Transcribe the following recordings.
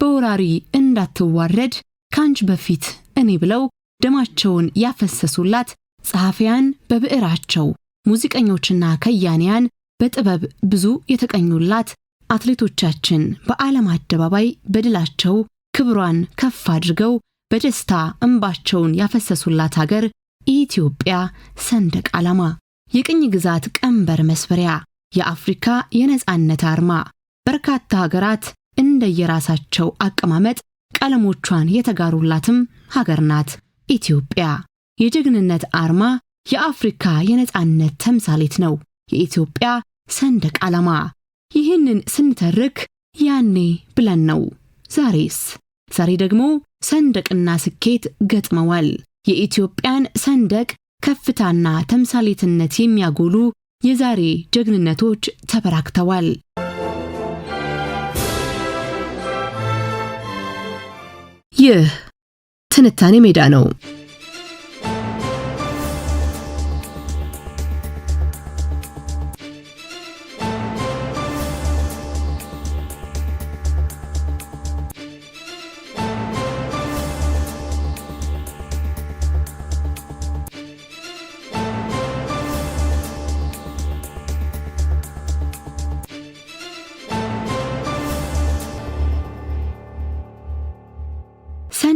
በወራሪ እንዳትዋረድ ከአንች በፊት እኔ ብለው ደማቸውን ያፈሰሱላት ጸሐፊያን በብዕራቸው ሙዚቀኞችና ከያንያን በጥበብ ብዙ የተቀኙላት አትሌቶቻችን በዓለም አደባባይ በድላቸው ክብሯን ከፍ አድርገው በደስታ እንባቸውን ያፈሰሱላት ሀገር ኢትዮጵያ ሰንደቅ ዓላማ፣ የቅኝ ግዛት ቀንበር መስበሪያ፣ የአፍሪካ የነፃነት አርማ በርካታ ሀገራት እንደየራሳቸው አቀማመጥ ቀለሞቿን የተጋሩላትም ሀገር ናት ኢትዮጵያ። የጀግንነት አርማ የአፍሪካ የነፃነት ተምሳሌት ነው፣ የኢትዮጵያ ሰንደቅ ዓላማ። ይህንን ስንተርክ ያኔ ብለን ነው። ዛሬስ? ዛሬ ደግሞ ሰንደቅና ስኬት ገጥመዋል። የኢትዮጵያን ሰንደቅ ከፍታና ተምሳሌትነት የሚያጎሉ የዛሬ ጀግንነቶች ተበራክተዋል። ይህ ትንታኔ ሜዳ ነው።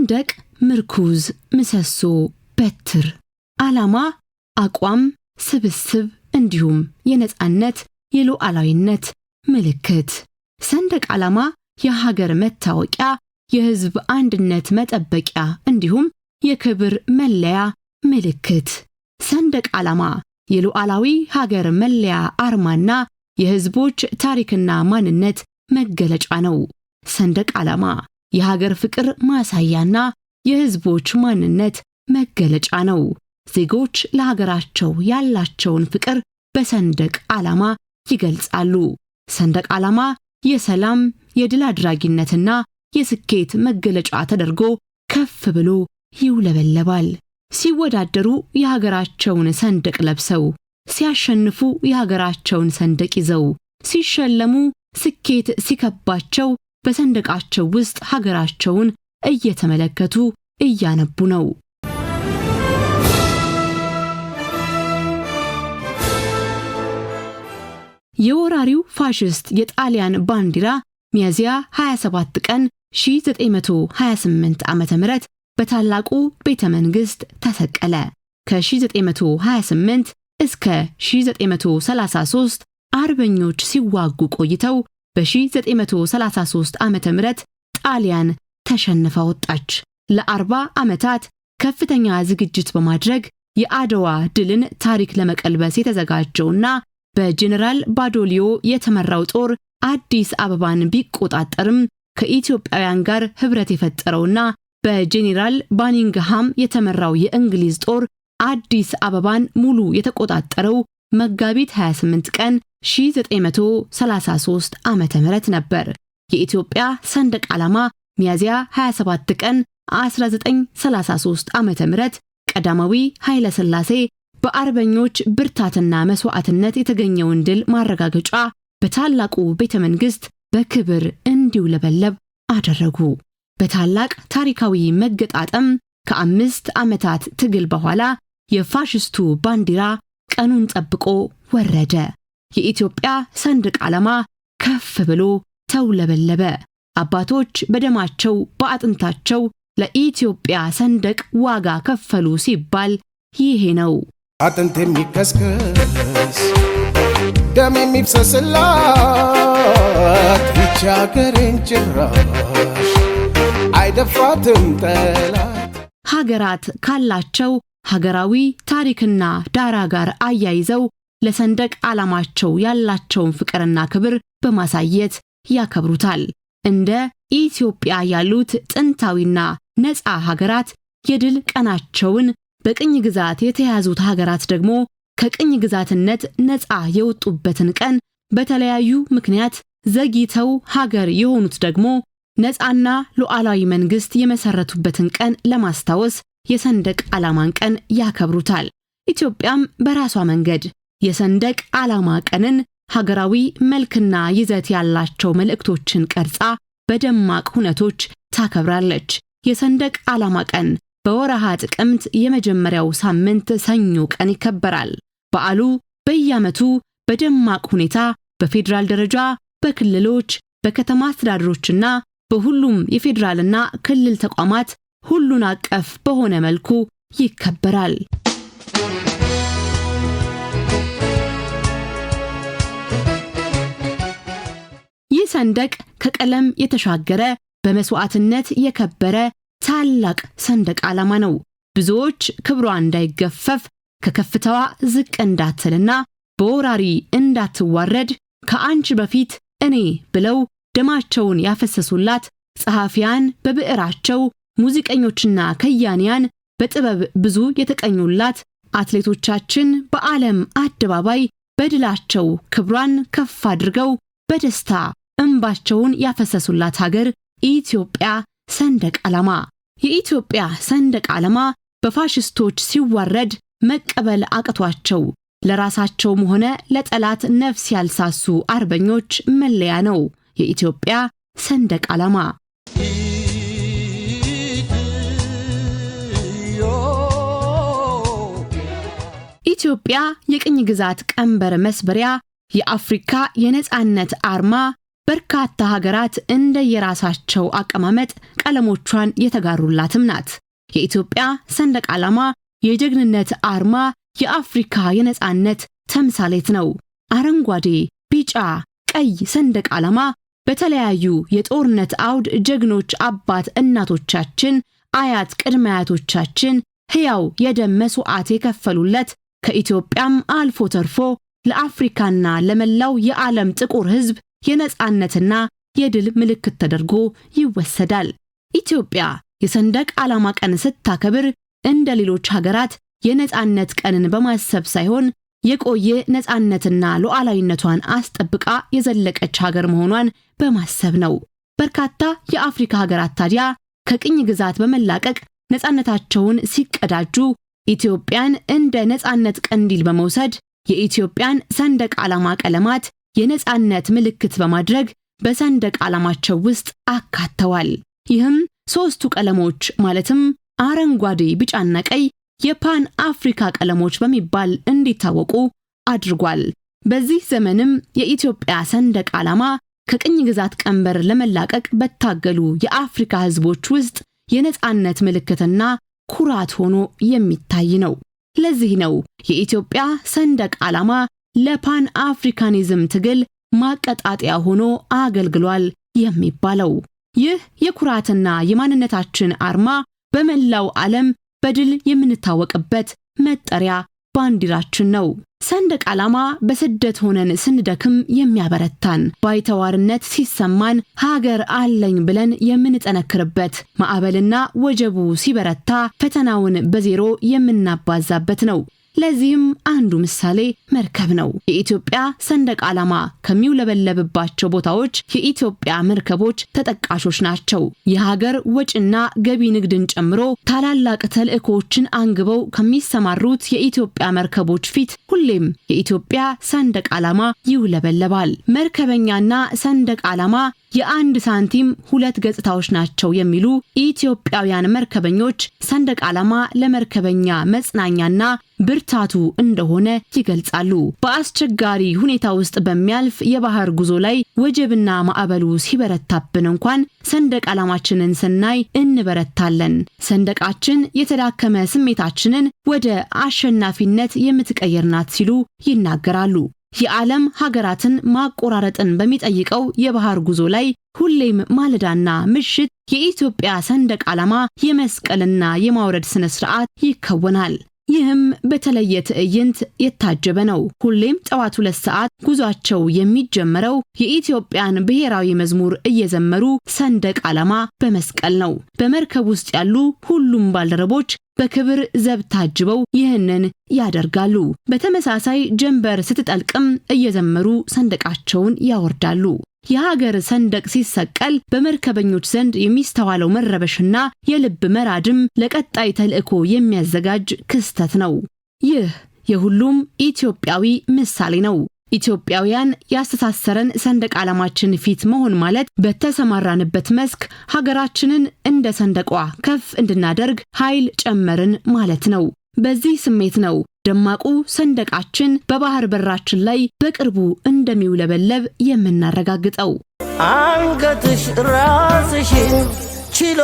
ሰንደቅ ምርኩዝ፣ ምሰሶ፣ በትር፣ ዓላማ፣ አቋም፣ ስብስብ እንዲሁም የነፃነት የሉዓላዊነት ምልክት። ሰንደቅ ዓላማ የሀገር መታወቂያ፣ የህዝብ አንድነት መጠበቂያ እንዲሁም የክብር መለያ ምልክት። ሰንደቅ ዓላማ የሉዓላዊ ሀገር መለያ አርማና የህዝቦች ታሪክና ማንነት መገለጫ ነው። ሰንደቅ ዓላማ የሀገር ፍቅር ማሳያና የህዝቦች ማንነት መገለጫ ነው። ዜጎች ለሀገራቸው ያላቸውን ፍቅር በሰንደቅ ዓላማ ይገልጻሉ። ሰንደቅ ዓላማ የሰላም የድል አድራጊነትና የስኬት መገለጫ ተደርጎ ከፍ ብሎ ይውለበለባል። ሲወዳደሩ የሀገራቸውን ሰንደቅ ለብሰው፣ ሲያሸንፉ የሀገራቸውን ሰንደቅ ይዘው፣ ሲሸለሙ ስኬት ሲከባቸው በሰንደቃቸው ውስጥ ሀገራቸውን እየተመለከቱ እያነቡ ነው። የወራሪው ፋሽስት የጣሊያን ባንዲራ ሚያዝያ 27 ቀን 1928 ዓ.ም በታላቁ ቤተ መንግሥት ተሰቀለ። ከ1928 እስከ 1933 አርበኞች ሲዋጉ ቆይተው በ1933 ም ጣሊያን ተሸንፋ ወጣች። ለአርባ ዓመታት ከፍተኛ ዝግጅት በማድረግ የአድዋ ድልን ታሪክ ለመቀልበስ የተዘጋጀውና በጀኔራል ባዶሊዮ የተመራው ጦር አዲስ አበባን ቢቆጣጠርም ከኢትዮጵያውያን ጋር ህብረት የፈጠረውና በጄኔራል ባኒንግሃም የተመራው የእንግሊዝ ጦር አዲስ አበባን ሙሉ የተቆጣጠረው መጋቢት 28 ቀን 1933 ዓመተ ምህረት ነበር የኢትዮጵያ ሰንደቅ ዓላማ ሚያዝያ 27 ቀን 1933 ዓ.ም ቀዳማዊ ኃይለ ሥላሴ በአርበኞች ብርታትና መስዋዕትነት የተገኘውን ድል ማረጋገጫ በታላቁ ቤተ መንግሥት በክብር እንዲውለበለብ አደረጉ። በታላቅ ታሪካዊ መገጣጠም ከአምስት ዓመታት ትግል በኋላ የፋሽስቱ ባንዲራ ቀኑን ጠብቆ ወረደ። የኢትዮጵያ ሰንደቅ ዓላማ ከፍ ብሎ ተውለበለበ። አባቶች በደማቸው በአጥንታቸው ለኢትዮጵያ ሰንደቅ ዋጋ ከፈሉ ሲባል ይሄ ነው። አጥንት የሚከስከስ ደም የሚፍሰስላት ይቺ ሀገሬን ጭራሽ አይደፋትም ጠላት። ሀገራት ካላቸው ሀገራዊ ታሪክና ዳራ ጋር አያይዘው ለሰንደቅ ዓላማቸው ያላቸውን ፍቅርና ክብር በማሳየት ያከብሩታል። እንደ ኢትዮጵያ ያሉት ጥንታዊና ነፃ ሀገራት የድል ቀናቸውን በቅኝ ግዛት የተያዙት ሀገራት ደግሞ ከቅኝ ግዛትነት ነፃ የወጡበትን ቀን በተለያዩ ምክንያት ዘግይተው ሀገር የሆኑት ደግሞ ነፃና ሉዓላዊ መንግስት የመሰረቱበትን ቀን ለማስታወስ የሰንደቅ ዓላማን ቀን ያከብሩታል። ኢትዮጵያም በራሷ መንገድ የሰንደቅ ዓላማ ቀንን ሀገራዊ መልክና ይዘት ያላቸው መልእክቶችን ቀርጻ በደማቅ ሁነቶች ታከብራለች። የሰንደቅ ዓላማ ቀን በወረሃ ጥቅምት የመጀመሪያው ሳምንት ሰኞ ቀን ይከበራል። በዓሉ በየዓመቱ በደማቅ ሁኔታ በፌዴራል ደረጃ፣ በክልሎች፣ በከተማ አስተዳደሮችና በሁሉም የፌዴራልና ክልል ተቋማት ሁሉን አቀፍ በሆነ መልኩ ይከበራል። ሰንደቅ ከቀለም የተሻገረ በመስዋዕትነት የከበረ ታላቅ ሰንደቅ ዓላማ ነው። ብዙዎች ክብሯ እንዳይገፈፍ ከከፍታዋ ዝቅ እንዳትልና በወራሪ እንዳትዋረድ ከአንቺ በፊት እኔ ብለው ደማቸውን ያፈሰሱላት ጸሐፊያን በብዕራቸው ሙዚቀኞችና ከያንያን በጥበብ ብዙ የተቀኙላት አትሌቶቻችን በዓለም አደባባይ በድላቸው ክብሯን ከፍ አድርገው በደስታ እንባቸውን ያፈሰሱላት ሀገር ኢትዮጵያ ሰንደቅ ዓላማ። የኢትዮጵያ ሰንደቅ ዓላማ በፋሽስቶች ሲዋረድ መቀበል አቅቷቸው ለራሳቸውም ሆነ ለጠላት ነፍስ ያልሳሱ አርበኞች መለያ ነው የኢትዮጵያ ሰንደቅ ዓላማ። ኢትዮጵያ የቅኝ ግዛት ቀንበር መስበሪያ፣ የአፍሪካ የነጻነት አርማ በርካታ ሀገራት እንደየራሳቸው አቀማመጥ ቀለሞቿን የተጋሩላትም ናት። የኢትዮጵያ ሰንደቅ ዓላማ የጀግንነት አርማ፣ የአፍሪካ የነፃነት ተምሳሌት ነው። አረንጓዴ፣ ቢጫ፣ ቀይ ሰንደቅ ዓላማ በተለያዩ የጦርነት አውድ ጀግኖች አባት እናቶቻችን፣ አያት ቅድመ አያቶቻችን ሕያው የደም መሥዋዕት የከፈሉለት ከኢትዮጵያም አልፎ ተርፎ ለአፍሪካና ለመላው የዓለም ጥቁር ሕዝብ የነፃነትና የድል ምልክት ተደርጎ ይወሰዳል። ኢትዮጵያ የሰንደቅ ዓላማ ቀን ስታከብር እንደ ሌሎች ሀገራት የነፃነት ቀንን በማሰብ ሳይሆን የቆየ ነፃነትና ሉዓላዊነቷን አስጠብቃ የዘለቀች ሀገር መሆኗን በማሰብ ነው። በርካታ የአፍሪካ ሀገራት ታዲያ ከቅኝ ግዛት በመላቀቅ ነፃነታቸውን ሲቀዳጁ ኢትዮጵያን እንደ ነፃነት ቀንዲል በመውሰድ የኢትዮጵያን ሰንደቅ ዓላማ ቀለማት የነፃነት ምልክት በማድረግ በሰንደቅ ዓላማቸው ውስጥ አካተዋል። ይህም ሦስቱ ቀለሞች ማለትም አረንጓዴ፣ ቢጫና ቀይ የፓን አፍሪካ ቀለሞች በሚባል እንዲታወቁ አድርጓል። በዚህ ዘመንም የኢትዮጵያ ሰንደቅ ዓላማ ከቅኝ ግዛት ቀንበር ለመላቀቅ በታገሉ የአፍሪካ ሕዝቦች ውስጥ የነፃነት ምልክትና ኩራት ሆኖ የሚታይ ነው። ለዚህ ነው የኢትዮጵያ ሰንደቅ ዓላማ ለፓን አፍሪካኒዝም ትግል ማቀጣጠያ ሆኖ አገልግሏል የሚባለው ይህ የኩራትና የማንነታችን አርማ በመላው ዓለም በድል የምንታወቅበት መጠሪያ ባንዲራችን ነው። ሰንደቅ ዓላማ በስደት ሆነን ስንደክም የሚያበረታን፣ ባይተዋርነት ሲሰማን ሀገር አለኝ ብለን የምንጠነክርበት፣ ማዕበልና ወጀቡ ሲበረታ ፈተናውን በዜሮ የምናባዛበት ነው። ለዚህም አንዱ ምሳሌ መርከብ ነው። የኢትዮጵያ ሰንደቅ ዓላማ ከሚውለበለብባቸው ቦታዎች የኢትዮጵያ መርከቦች ተጠቃሾች ናቸው። የሀገር ወጪና ገቢ ንግድን ጨምሮ ታላላቅ ተልዕኮዎችን አንግበው ከሚሰማሩት የኢትዮጵያ መርከቦች ፊት ሁሌም የኢትዮጵያ ሰንደቅ ዓላማ ይውለበለባል። መርከበኛና ሰንደቅ ዓላማ የአንድ ሳንቲም ሁለት ገጽታዎች ናቸው የሚሉ ኢትዮጵያውያን መርከበኞች ሰንደቅ ዓላማ ለመርከበኛ መጽናኛና ብርታቱ እንደሆነ ይገልጻሉ። በአስቸጋሪ ሁኔታ ውስጥ በሚያልፍ የባህር ጉዞ ላይ ወጀብና ማዕበሉ ሲበረታብን እንኳን ሰንደቅ ዓላማችንን ስናይ እንበረታለን። ሰንደቃችን የተዳከመ ስሜታችንን ወደ አሸናፊነት የምትቀይር ናት ሲሉ ይናገራሉ። የዓለም ሀገራትን ማቆራረጥን በሚጠይቀው የባህር ጉዞ ላይ ሁሌም ማለዳና ምሽት የኢትዮጵያ ሰንደቅ ዓላማ የመስቀልና የማውረድ ስነ ስርዓት ይከወናል። ይህም በተለየ ትዕይንት የታጀበ ነው። ሁሌም ጠዋት ሁለት ሰዓት ጉዟቸው የሚጀመረው የኢትዮጵያን ብሔራዊ መዝሙር እየዘመሩ ሰንደቅ ዓላማ በመስቀል ነው። በመርከብ ውስጥ ያሉ ሁሉም ባልደረቦች በክብር ዘብ ታጅበው ይህንን ያደርጋሉ። በተመሳሳይ ጀንበር ስትጠልቅም እየዘመሩ ሰንደቃቸውን ያወርዳሉ። የሀገር ሰንደቅ ሲሰቀል በመርከበኞች ዘንድ የሚስተዋለው መረበሽና የልብ መራድም ለቀጣይ ተልዕኮ የሚያዘጋጅ ክስተት ነው። ይህ የሁሉም ኢትዮጵያዊ ምሳሌ ነው። ኢትዮጵያውያን ያስተሳሰረን ሰንደቅ ዓላማችን ፊት መሆን ማለት በተሰማራንበት መስክ ሀገራችንን እንደ ሰንደቋ ከፍ እንድናደርግ ኃይል ጨመርን ማለት ነው። በዚህ ስሜት ነው ደማቁ ሰንደቃችን በባህር በራችን ላይ በቅርቡ እንደሚውለበለብ የምናረጋግጠው አንገትሽ ራስሽ ችሎ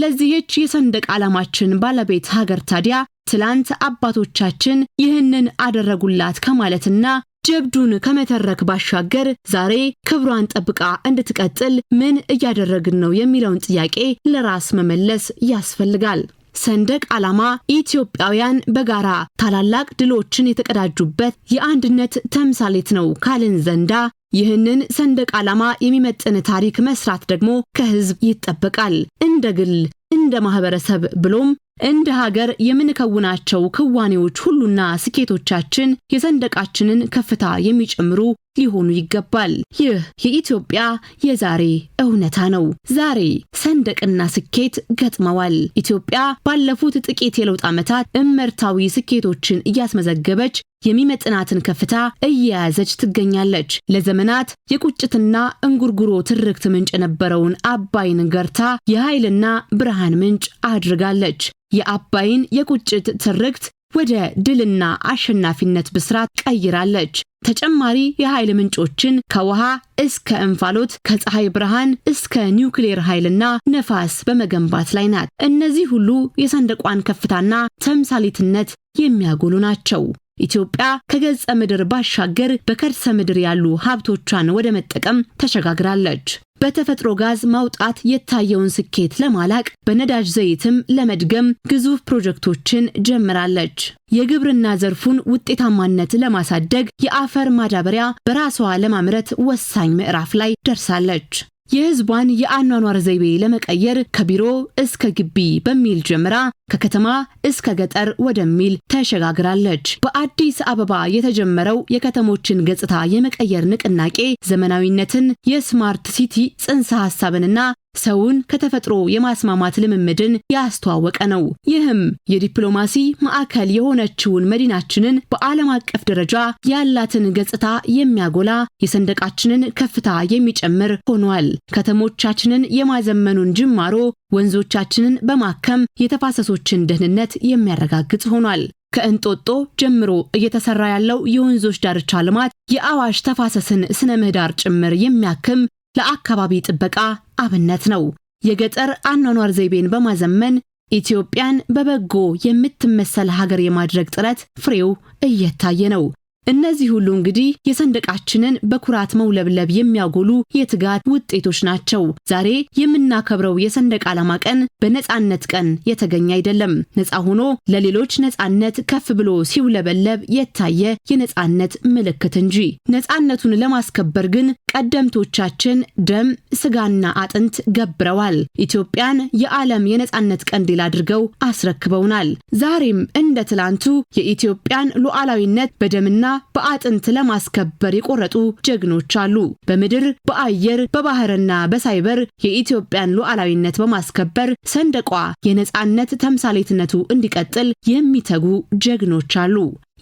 ለዚህች የሰንደቅ ዓላማችን ባለቤት ሀገር ታዲያ ትላንት አባቶቻችን ይህንን አደረጉላት ከማለትና ጀብዱን ከመተረክ ባሻገር ዛሬ ክብሯን ጠብቃ እንድትቀጥል ምን እያደረግን ነው የሚለውን ጥያቄ ለራስ መመለስ ያስፈልጋል። ሰንደቅ ዓላማ ኢትዮጵያውያን በጋራ ታላላቅ ድሎችን የተቀዳጁበት የአንድነት ተምሳሌት ነው ካልን ዘንዳ ይህንን ሰንደቅ ዓላማ የሚመጥን ታሪክ መስራት ደግሞ ከህዝብ ይጠበቃል። እንደ ግል፣ እንደ ማህበረሰብ ብሎም እንደ ሀገር የምንከውናቸው ክዋኔዎች ሁሉና ስኬቶቻችን የሰንደቃችንን ከፍታ የሚጨምሩ ሊሆኑ ይገባል። ይህ የኢትዮጵያ የዛሬ እውነታ ነው። ዛሬ ሰንደቅና ስኬት ገጥመዋል። ኢትዮጵያ ባለፉት ጥቂት የለውጥ ዓመታት እመርታዊ ስኬቶችን እያስመዘገበች የሚመጥናትን ከፍታ እየያዘች ትገኛለች። ለዘመናት የቁጭትና እንጉርጉሮ ትርክት ምንጭ የነበረውን አባይን ገርታ የኃይልና ብርሃን ምንጭ አድርጋለች። የአባይን የቁጭት ትርክት ወደ ድልና አሸናፊነት ብስራት ቀይራለች። ተጨማሪ የኃይል ምንጮችን ከውሃ እስከ እንፋሎት ከፀሐይ ብርሃን እስከ ኒውክሌር ኃይልና ነፋስ በመገንባት ላይ ናት። እነዚህ ሁሉ የሰንደቋን ከፍታና ተምሳሌትነት የሚያጎሉ ናቸው። ኢትዮጵያ ከገጸ ምድር ባሻገር በከርሰ ምድር ያሉ ሀብቶቿን ወደ መጠቀም ተሸጋግራለች። በተፈጥሮ ጋዝ ማውጣት የታየውን ስኬት ለማላቅ በነዳጅ ዘይትም ለመድገም ግዙፍ ፕሮጀክቶችን ጀምራለች። የግብርና ዘርፉን ውጤታማነት ለማሳደግ የአፈር ማዳበሪያ በራሷ ለማምረት ወሳኝ ምዕራፍ ላይ ደርሳለች። የህዝቧን የአኗኗር ዘይቤ ለመቀየር ከቢሮ እስከ ግቢ በሚል ጀምራ ከከተማ እስከ ገጠር ወደሚል ተሸጋግራለች። በአዲስ አበባ የተጀመረው የከተሞችን ገጽታ የመቀየር ንቅናቄ ዘመናዊነትን፣ የስማርት ሲቲ ጽንሰ ሀሳብንና ሰውን ከተፈጥሮ የማስማማት ልምምድን ያስተዋወቀ ነው። ይህም የዲፕሎማሲ ማዕከል የሆነችውን መዲናችንን በዓለም አቀፍ ደረጃ ያላትን ገጽታ የሚያጎላ የሰንደቃችንን ከፍታ የሚጨምር ሆኗል። ከተሞቻችንን የማዘመኑን ጅማሮ ወንዞቻችንን በማከም የተፋሰሶችን ደህንነት የሚያረጋግጥ ሆኗል። ከእንጦጦ ጀምሮ እየተሰራ ያለው የወንዞች ዳርቻ ልማት የአዋሽ ተፋሰስን ስነ ምህዳር ጭምር የሚያክም ለአካባቢ ጥበቃ አብነት ነው። የገጠር አኗኗር ዘይቤን በማዘመን ኢትዮጵያን በበጎ የምትመሰል ሀገር የማድረግ ጥረት ፍሬው እየታየ ነው። እነዚህ ሁሉ እንግዲህ የሰንደቃችንን በኩራት መውለብለብ የሚያጎሉ የትጋት ውጤቶች ናቸው። ዛሬ የምናከብረው የሰንደቅ ዓላማ ቀን በነፃነት ቀን የተገኘ አይደለም። ነፃ ሆኖ ለሌሎች ነፃነት ከፍ ብሎ ሲውለበለብ የታየ የነፃነት ምልክት እንጂ። ነፃነቱን ለማስከበር ግን ቀደምቶቻችን ደም ስጋና አጥንት ገብረዋል። ኢትዮጵያን የዓለም የነጻነት ቀንዲል አድርገው አስረክበውናል። ዛሬም እንደ ትላንቱ የኢትዮጵያን ሉዓላዊነት በደምና በአጥንት ለማስከበር የቆረጡ ጀግኖች አሉ። በምድር በአየር በባህርና በሳይበር የኢትዮጵያን ሉዓላዊነት በማስከበር ሰንደቋ የነጻነት ተምሳሌትነቱ እንዲቀጥል የሚተጉ ጀግኖች አሉ።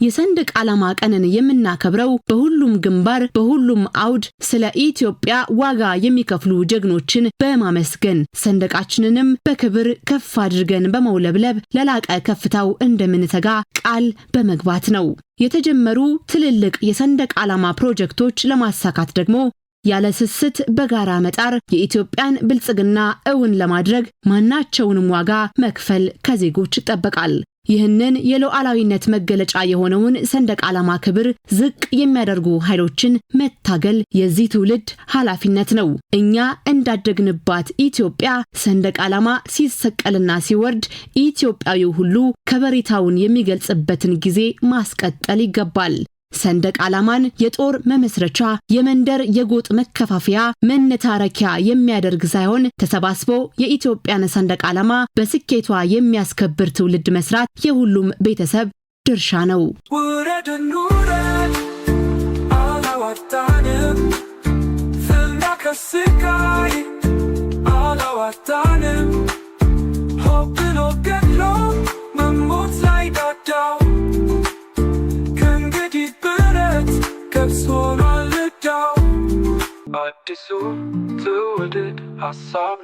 የሰንደቅ ዓላማ ቀንን የምናከብረው በሁሉም ግንባር በሁሉም አውድ ስለ ኢትዮጵያ ዋጋ የሚከፍሉ ጀግኖችን በማመስገን ሰንደቃችንንም በክብር ከፍ አድርገን በመውለብለብ ለላቀ ከፍታው እንደምንተጋ ቃል በመግባት ነው። የተጀመሩ ትልልቅ የሰንደቅ ዓላማ ፕሮጀክቶች ለማሳካት ደግሞ ያለ ስስት በጋራ መጣር የኢትዮጵያን ብልጽግና እውን ለማድረግ ማናቸውንም ዋጋ መክፈል ከዜጎች ይጠበቃል። ይህንን የሉዓላዊነት መገለጫ የሆነውን ሰንደቅ ዓላማ ክብር ዝቅ የሚያደርጉ ኃይሎችን መታገል የዚህ ትውልድ ኃላፊነት ነው። እኛ እንዳደግንባት ኢትዮጵያ ሰንደቅ ዓላማ ሲሰቀልና ሲወርድ ኢትዮጵያዊው ሁሉ ከበሬታውን የሚገልጽበትን ጊዜ ማስቀጠል ይገባል። ሰንደቅ ዓላማን የጦር መመስረቻ የመንደር የጎጥ መከፋፈያ መነታረኪያ የሚያደርግ ሳይሆን ተሰባስቦ የኢትዮጵያን ሰንደቅ ዓላማ በስኬቷ የሚያስከብር ትውልድ መስራት የሁሉም ቤተሰብ ድርሻ ነው። አላዋጣንም ሆኗል ልዳው አዲሱ ትውልድ ሀሳብ